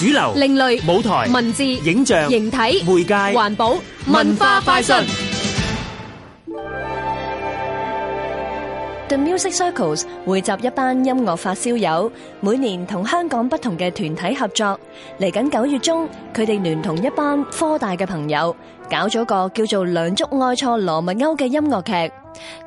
主流、另類舞台、文字、影像、形體、媒介、環保、文化、快訊。The Music Circles 匯集一班音樂發燒友，每年同香港不同嘅團體合作。嚟緊九月中佢哋聯同一班科大嘅朋友搞咗個叫做梁祝愛錯羅密歐嘅音樂劇。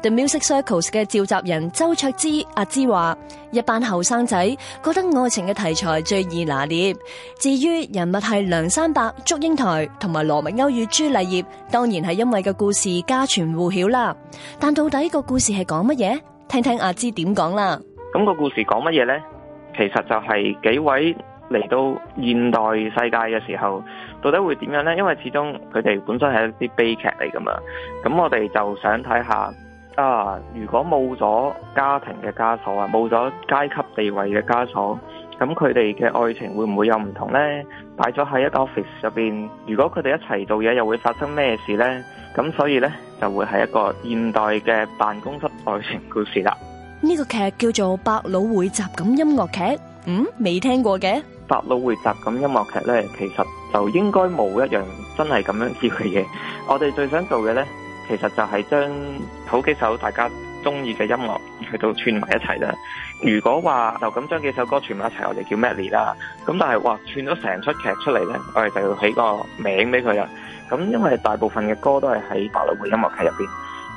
The Music Circles 嘅召集人周卓之阿芝話：一班後生仔覺得愛情嘅題材最易拿捏。至於人物係梁山伯、祝英台同埋羅密歐與朱麗葉，當然係因為個故事家傳戶曉啦。但到底個故事係講乜嘢？聽聽阿芝點講啦。咁個故事講乜嘢呢？其實就係幾位。嚟到現代世界嘅時候，到底會點樣呢？因為始終佢哋本身係一啲悲劇嚟噶嘛。咁我哋就想睇下啊，如果冇咗家庭嘅枷鎖啊，冇咗階級地位嘅枷鎖，咁佢哋嘅愛情會唔會有唔同呢？擺咗喺一個 office 入邊，如果佢哋一齊做嘢，又會發生咩事呢？咁所以呢，就會係一個現代嘅辦公室愛情故事啦。呢個劇叫做《百老匯集錦音樂劇》，嗯，未聽過嘅。百老匯雜錦音樂劇咧，其實就應該冇一樣真係咁樣叫嘅嘢。我哋最想做嘅咧，其實就係將好幾首大家中意嘅音樂去到串埋一齊啦。如果話就咁將幾首歌串埋一齊，我哋叫 Medley 啦。咁但係哇，串咗成出劇出嚟咧，我哋就要起個名俾佢啊。咁因為大部分嘅歌都係喺百老匯音樂劇入邊，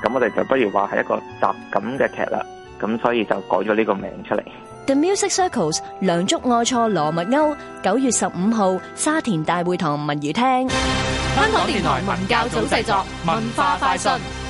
咁我哋就不如話係一個雜錦嘅劇啦。咁所以就改咗呢個名出嚟。The Music Circles, 梁祝愛錯羅密歐，九月十五號沙田大會堂文娛廳。香港電台文教組製作，文化快訊。